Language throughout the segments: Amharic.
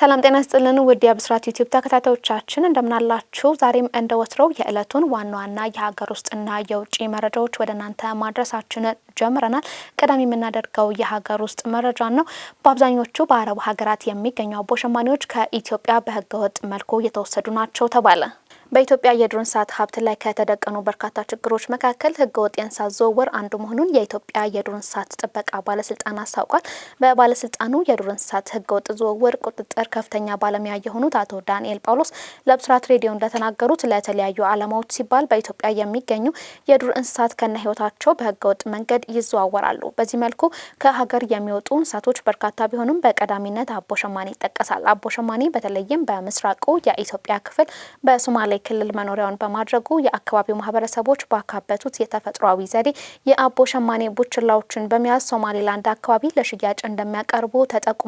ሰላም ጤና ስጥልን ውድ የብስራት ዩቲዩብ ተከታታዮቻችን እንደምናላችሁ። ዛሬም እንደ ወትሮው የዕለቱን ዋና ዋና የሀገር ውስጥና የውጭ መረጃዎች ወደ እናንተ ማድረሳችን ጀምረናል። ቀዳሚ የምናደርገው የሀገር ውስጥ መረጃ ነው። በአብዛኞቹ በአረቡ ሀገራት የሚገኙ አቦሸማኔዎች ከኢትዮጵያ በህገወጥ መልኩ እየተወሰዱ ናቸው ተባለ። በኢትዮጵያ የዱር እንስሳት ሀብት ላይ ከተደቀኑ በርካታ ችግሮች መካከል ህገወጥ የእንስሳት ዝውውር አንዱ መሆኑን የኢትዮጵያ የዱር እንስሳት ጥበቃ ባለስልጣን አስታውቋል። በባለስልጣኑ የዱር እንስሳት ህገወጥ ዝውውር ቁጥጥር ከፍተኛ ባለሙያ የሆኑት አቶ ዳንኤል ጳውሎስ ለብስራት ሬዲዮ እንደተናገሩት ለተለያዩ አላማዎች ሲባል በኢትዮጵያ የሚገኙ የዱር እንስሳት ከነ ህይወታቸው በህገወጥ መንገድ ይዘዋወራሉ። በዚህ መልኩ ከሀገር የሚወጡ እንስሳቶች በርካታ ቢሆኑም በቀዳሚነት አቦሸማኔ ይጠቀሳል። አቦሸማኔ በተለይም በምስራቁ የኢትዮጵያ ክፍል በሶማሌ ክልል መኖሪያውን በማድረጉ የአካባቢው ማህበረሰቦች ባካበቱት የተፈጥሯዊ ዘዴ የአቦ ሸማኔ ቡችላዎችን በመያዝ ሶማሌላንድ አካባቢ ለሽያጭ እንደሚያቀርቡ ተጠቁሟል።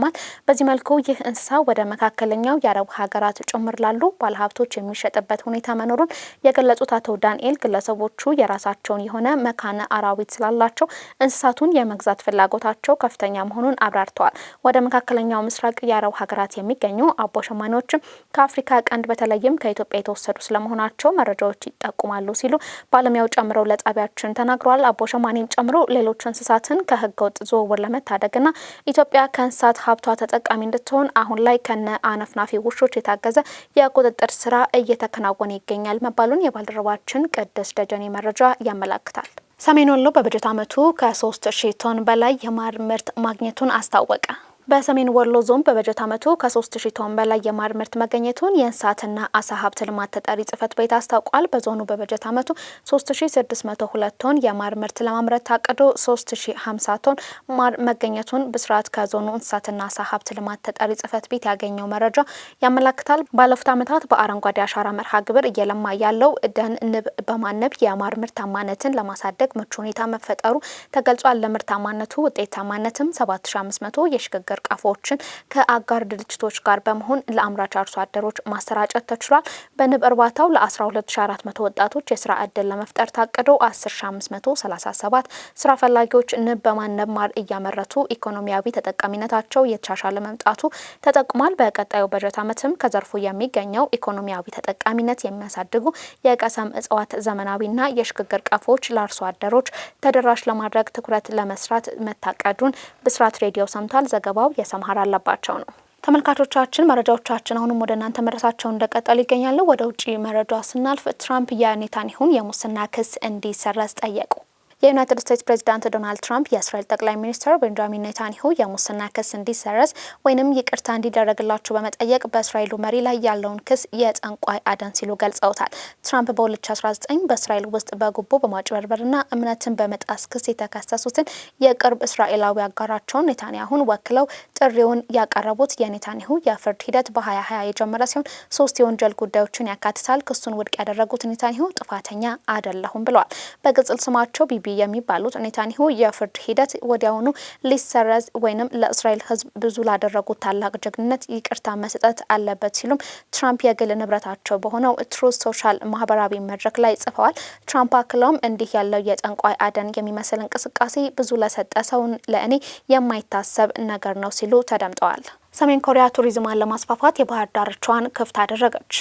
በዚህ መልኩ ይህ እንስሳ ወደ መካከለኛው የአረብ ሀገራት ጭምር ላሉ ባለሀብቶች የሚሸጥበት ሁኔታ መኖሩን የገለጹት አቶ ዳንኤል ግለሰቦቹ የራሳቸውን የሆነ መካነ አራዊት ስላላቸው እንስሳቱን የመግዛት ፍላጎታቸው ከፍተኛ መሆኑን አብራርተዋል። ወደ መካከለኛው ምስራቅ የአረብ ሀገራት የሚገኙ አቦ ሸማኔዎችም ከአፍሪካ ቀንድ በተለይም ከኢትዮጵያ የተወሰዱ ስለመሆናቸው መረጃዎች ይጠቁማሉ ሲሉ ባለሙያው ጨምረው ለጣቢያችን ተናግረዋል። አቦሸማኔን ጨምሮ ሌሎች እንስሳትን ከህገ ወጥ ዝውውር ለመታደግና ኢትዮጵያ ከእንስሳት ሀብቷ ተጠቃሚ እንድትሆን አሁን ላይ ከነ አነፍናፊ ውሾች የታገዘ የቁጥጥር ስራ እየተከናወነ ይገኛል መባሉን የባልደረባችን ቅድስ ደጀኔ መረጃ ያመላክታል። ሰሜን ወሎ በበጀት ዓመቱ ከ3 ሺህ ቶን በላይ የማር ምርት ማግኘቱን አስታወቀ። በሰሜን ወሎ ዞን በበጀት ዓመቱ ከ3000 ቶን በላይ የማር ምርት መገኘቱን የእንስሳትና አሳ ሀብት ልማት ተጠሪ ጽህፈት ቤት አስታውቋል። በዞኑ በበጀት ዓመቱ 3602 ቶን የማር ምርት ለማምረት ታቅዶ 3050 ቶን ማር መገኘቱን ብስራት ከዞኑ እንስሳትና አሳ ሀብት ልማት ተጠሪ ጽህፈት ቤት ያገኘው መረጃ ያመላክታል። ባለፉት ዓመታት በአረንጓዴ አሻራ መርሃ ግብር እየለማ ያለው ደን ንብ በማነብ የማር ምርታማነትን ለማሳደግ ምቹ ሁኔታ መፈጠሩ ተገልጿል። ለምርታማነቱ ውጤታማነትም 7500 የሽግግር ቀፎዎችን ከአጋር ድርጅቶች ጋር በመሆን ለአምራች አርሶ አደሮች ማሰራጨት ተችሏል። በንብ እርባታው ለ12400 ወጣቶች የስራ እድል ለመፍጠር ታቅዶ 10537 ስራ ፈላጊዎች ንብ በማነብ ማር እያመረቱ ኢኮኖሚያዊ ተጠቃሚነታቸው የተሻሻለ መምጣቱ ተጠቁሟል። በቀጣዩ በጀት ዓመትም ከዘርፉ የሚገኘው ኢኮኖሚያዊ ተጠቃሚነት የሚያሳድጉ የቀሰም እጽዋት ዘመናዊና የሽግግር ቀፎዎች ለአርሶ አደሮች ተደራሽ ለማድረግ ትኩረት ለመስራት መታቀዱን ብስራት ሬዲዮ ሰምቷል። ዘገባው ዘገባው የሰምሀር አለባቸው ነው። ተመልካቾቻችን መረጃዎቻችን አሁንም ወደ እናንተ መድረሳቸውን እንደቀጠሉ ይገኛሉ። ወደ ውጭ መረጃ ስናልፍ ትራምፕ የኔታንያሁን የሙስና ክስ እንዲሰረዝ ጠየቁ። የዩናይትድ ስቴትስ ፕሬዚዳንት ዶናልድ ትራምፕ የእስራኤል ጠቅላይ ሚኒስትር ቤንጃሚን ኔታንያሁ የሙስና ክስ እንዲሰረዝ ወይንም ይቅርታ እንዲደረግላቸው በመጠየቅ በእስራኤሉ መሪ ላይ ያለውን ክስ የጠንቋይ አደን ሲሉ ገልጸውታል። ትራምፕ በ2019 በእስራኤል ውስጥ በጉቦ በማጭበርበርና እምነትን በመጣስ ክስ የተከሰሱትን የቅርብ እስራኤላዊ አጋራቸውን ኔታንያሁን ወክለው ጥሪውን ያቀረቡት የኔታንያሁ የፍርድ ሂደት በ2020 የጀመረ ሲሆን ሶስት የወንጀል ጉዳዮችን ያካትታል። ክሱን ውድቅ ያደረጉት ኔታንያሁ ጥፋተኛ አይደለሁም ብለዋል። በቅጽል ስማቸው ቢቢ የሚባሉት ኔታንያሁ የፍርድ ሂደት ወዲያውኑ ሊሰረዝ ወይንም ለእስራኤል ሕዝብ ብዙ ላደረጉት ታላቅ ጀግንነት ይቅርታ መስጠት አለበት ሲሉም ትራምፕ የግል ንብረታቸው በሆነው ትሩ ሶሻል ማህበራዊ መድረክ ላይ ጽፈዋል። ትራምፕ አክለውም እንዲህ ያለው የጠንቋይ አደን የሚመስል እንቅስቃሴ ብዙ ለሰጠ ሰው ለእኔ የማይታሰብ ነገር ነው ሲሉ ተደምጠዋል። ሰሜን ኮሪያ ቱሪዝሟን ለማስፋፋት የባህር ዳርቻዋን ክፍት አደረገች።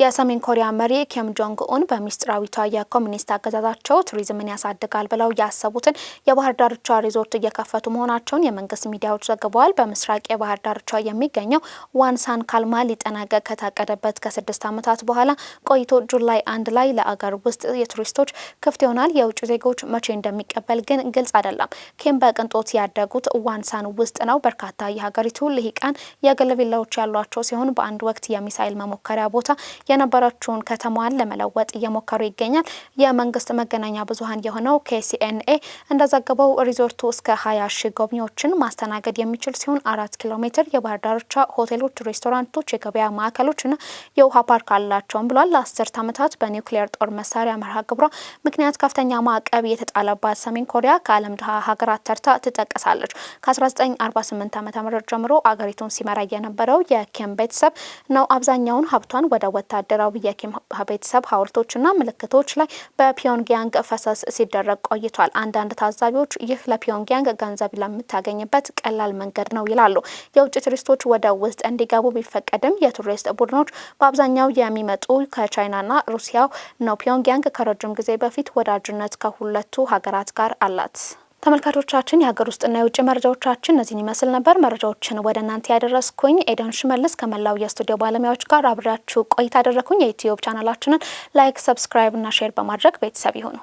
የሰሜን ኮሪያ መሪ ኪም ጆንግ ኡን በሚስጥራዊቷ የኮሚኒስት አገዛዛቸው ቱሪዝምን ያሳድጋል ብለው ያሰቡትን የባህር ዳርቻ ሪዞርት እየከፈቱ መሆናቸውን የመንግስት ሚዲያዎች ዘግበዋል። በምስራቅ የባህር ዳርቻ የሚገኘው ዋንሳን ካልማ ሊጠናቀቅ ከታቀደበት ከስድስት ዓመታት በኋላ ቆይቶ ጁላይ አንድ ላይ ለአገር ውስጥ የቱሪስቶች ክፍት ይሆናል። የውጭ ዜጎች መቼ እንደሚቀበል ግን ግልጽ አይደለም። ኪም በቅንጦት ያደጉት ዋንሳን ውስጥ ነው። በርካታ የሀገሪቱ ልሂቃን የግል ቪላዎች ያሏቸው ሲሆን በአንድ ወቅት የሚሳኤል መሞከሪያ ቦታ የነበረችውን ከተማዋን ለመለወጥ እየሞከሩ ይገኛል። የመንግስት መገናኛ ብዙሀን የሆነው ኬሲኤንኤ እንደዘገበው ሪዞርቱ እስከ ሀያ ሺህ ጎብኚዎችን ማስተናገድ የሚችል ሲሆን አራት ኪሎ ሜትር የባህር ዳርቻ ሆቴሎች፣ ሬስቶራንቶች፣ የገበያ ማዕከሎች እና የውሃ ፓርክ አላቸውም ብሏል። ለአስርት ዓመታት በኒውክሊየር ጦር መሳሪያ መርሃ ግብሯ ምክንያት ከፍተኛ ማዕቀብ የተጣለባት ሰሜን ኮሪያ ከዓለም ድሀ ሀገራት ተርታ ትጠቀሳለች። ከ1948 ዓ ም ጀምሮ አገሪቱን ሲመራ የነበረው የኬም ቤተሰብ ነው አብዛኛውን ሀብቷን ወደ ወታ ወታደራዊ የቤተሰብ ሀውልቶችና ምልክቶች ላይ በፒዮንግያንግ ፈሰስ ሲደረግ ቆይቷል። አንዳንድ ታዛቢዎች ይህ ለፒዮንግያንግ ገንዘብ ለምታገኝበት ቀላል መንገድ ነው ይላሉ። የውጭ ቱሪስቶች ወደ ውስጥ እንዲገቡ ቢፈቀድም የቱሪስት ቡድኖች በአብዛኛው የሚመጡ ከቻይናና ሩሲያው ነው። ፒዮንግያንግ ከረጅም ጊዜ በፊት ወዳጅነት ከሁለቱ ሀገራት ጋር አላት። ተመልካቾቻችን የሀገር ውስጥና የውጭ መረጃዎቻችን እነዚህን ይመስል ነበር። መረጃዎችን ወደ እናንተ ያደረስኩኝ ኤደን ሽመልስ ከመላው የስቱዲዮ ባለሙያዎች ጋር አብሬያችሁ ቆይታ ያደረኩኝ። የዩትዩብ ቻናላችንን ላይክ፣ ሰብስክራይብ እና ሼር በማድረግ ቤተሰብ ይሁኑ።